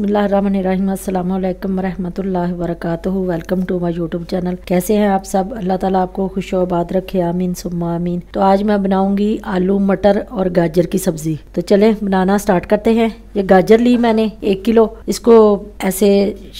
बसमिलीम वरहमल welcome to my YouTube channel कैसे हैं आप सब अल्लाह ताला आपको खुश आबाद रखे आमीन सुम्मा आमीन तो आज मैं बनाऊंगी आलू मटर और गाजर की सब्जी तो चले बनाना स्टार्ट करते हैं ये गाजर ली मैंने एक किलो इसको ऐसे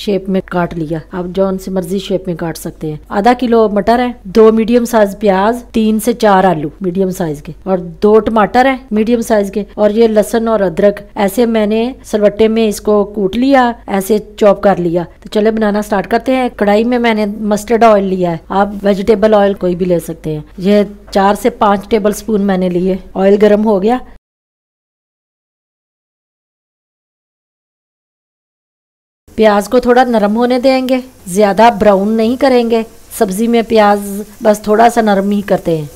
शेप में काट लिया आप जो उनसे मर्जी शेप में काट सकते हैं आधा किलो मटर है दो मीडियम साइज प्याज तीन से चार आलू मीडियम साइज के और दो टमाटर है मीडियम साइज के और ये लहसन और अदरक ऐसे मैंने सलवट्टे में इसको कूट लिया ऐसे चॉप कर लिया तो चले बनाना स्टार्ट करते हैं कढ़ाई में मैंने मस्टर्ड ऑयल लिया है आप वेजिटेबल ऑयल कोई भी ले सकते हैं यह चार से पाँच टेबल स्पून मैंने लिए ऑयल गर्म हो गया प्याज को थोड़ा नरम होने देंगे ज़्यादा ब्राउन नहीं करेंगे सब्ज़ी में प्याज बस थोड़ा सा नरम ही करते हैं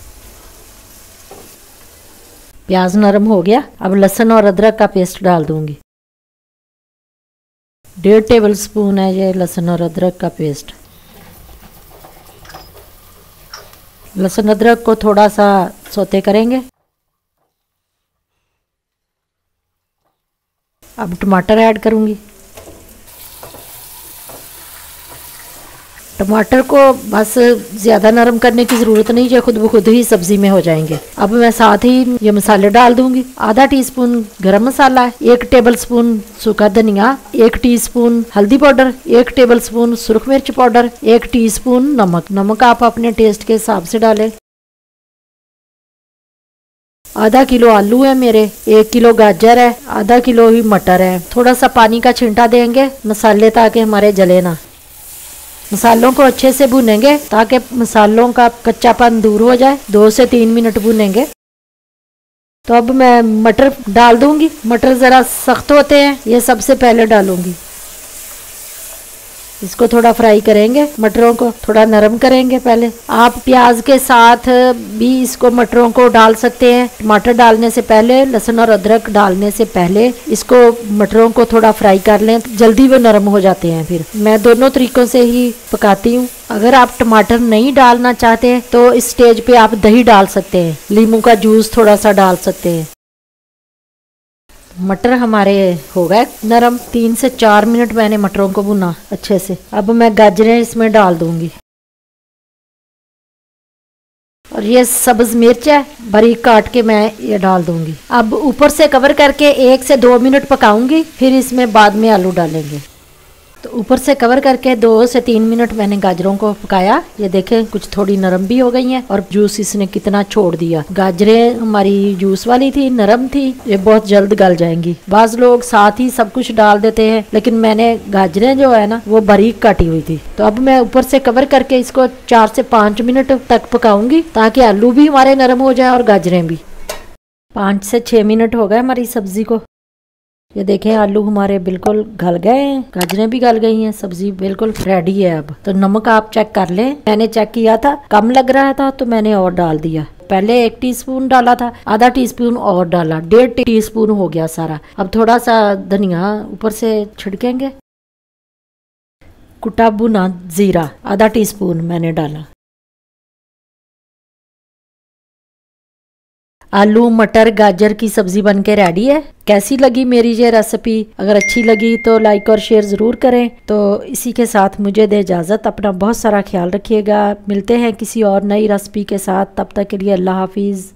प्याज नरम हो गया अब लहसुन और अदरक का पेस्ट डाल दूंगी डेढ़ टेबल स्पून है ये लहसुन और अदरक का पेस्ट लहसुन अदरक को थोड़ा सा सोते करेंगे अब टमाटर ऐड करूँगी टमाटर को बस ज़्यादा नरम करने की ज़रूरत नहीं है खुद ब खुद ही सब्ज़ी में हो जाएंगे अब मैं साथ ही ये मसाले डाल दूंगी आधा टी स्पून गर्म मसाला एक टेबल स्पून सूखा धनिया एक टी स्पून हल्दी पाउडर एक टेबल स्पून सुरख मिर्च पाउडर एक टी स्पून नमक नमक आप अपने टेस्ट के हिसाब से डालें आधा किलो आलू है मेरे एक किलो गाजर है आधा किलो ही मटर है थोड़ा सा पानी का छिंटा देंगे मसाले ताकि हमारे जले ना मसालों को अच्छे से भुनेंगे ताकि मसालों का कच्चापन दूर हो जाए दो से तीन मिनट भुनेंगे तो अब मैं मटर डाल दूंगी मटर ज़रा सख्त होते हैं ये सबसे पहले डालूंगी इसको थोड़ा फ्राई करेंगे मटरों को थोड़ा नरम करेंगे पहले आप प्याज के साथ भी इसको मटरों को डाल सकते हैं टमाटर डालने से पहले लहसुन और अदरक डालने से पहले इसको मटरों को थोड़ा फ्राई कर लें जल्दी वो नरम हो जाते हैं फिर मैं दोनों तरीकों से ही पकाती हूँ अगर आप टमाटर नहीं डालना चाहते तो इस स्टेज पे आप दही डाल सकते हैं लीमू का जूस थोड़ा सा डाल सकते हैं मटर हमारे हो गए नरम तीन से चार मिनट मैंने मटरों को भुना अच्छे से अब मैं गाजरें इसमें डाल दूंगी और ये सब्ज मिर्च है बारीक काट के मैं ये डाल दूंगी अब ऊपर से कवर करके एक से दो मिनट पकाऊंगी फिर इसमें बाद में आलू डालेंगे तो ऊपर से कवर करके दो से तीन मिनट मैंने गाजरों को पकाया ये देखें कुछ थोड़ी नरम भी हो गई हैं और जूस इसने कितना छोड़ दिया गाजरें हमारी जूस वाली थी नरम थी ये बहुत जल्द गल जाएंगी बाज लोग साथ ही सब कुछ डाल देते हैं लेकिन मैंने गाजरें जो है ना वो बारीक काटी हुई थी तो अब मैं ऊपर से कवर करके इसको चार से पाँच मिनट तक पकाऊंगी ताकि आलू भी हमारे नरम हो जाए और गाजरें भी पाँच से छः मिनट हो गए हमारी सब्जी को ये देखें आलू हमारे बिल्कुल गल गए हैं गाजरें भी गल गई हैं सब्जी बिल्कुल रेडी है अब तो नमक आप चेक कर लें मैंने चेक किया था कम लग रहा था तो मैंने और डाल दिया पहले एक टीस्पून डाला था आधा टीस्पून और डाला डेढ़ टीस्पून हो गया सारा अब थोड़ा सा धनिया ऊपर से छिड़केंगे कुटा भुना जीरा आधा टी मैंने डाला आलू मटर गाजर की सब्जी बन के रेडी है कैसी लगी मेरी ये रेसिपी अगर अच्छी लगी तो लाइक और शेयर ज़रूर करें तो इसी के साथ मुझे दे इजाज़त अपना बहुत सारा ख्याल रखिएगा मिलते हैं किसी और नई रेसिपी के साथ तब तक के लिए अल्लाह हाफिज़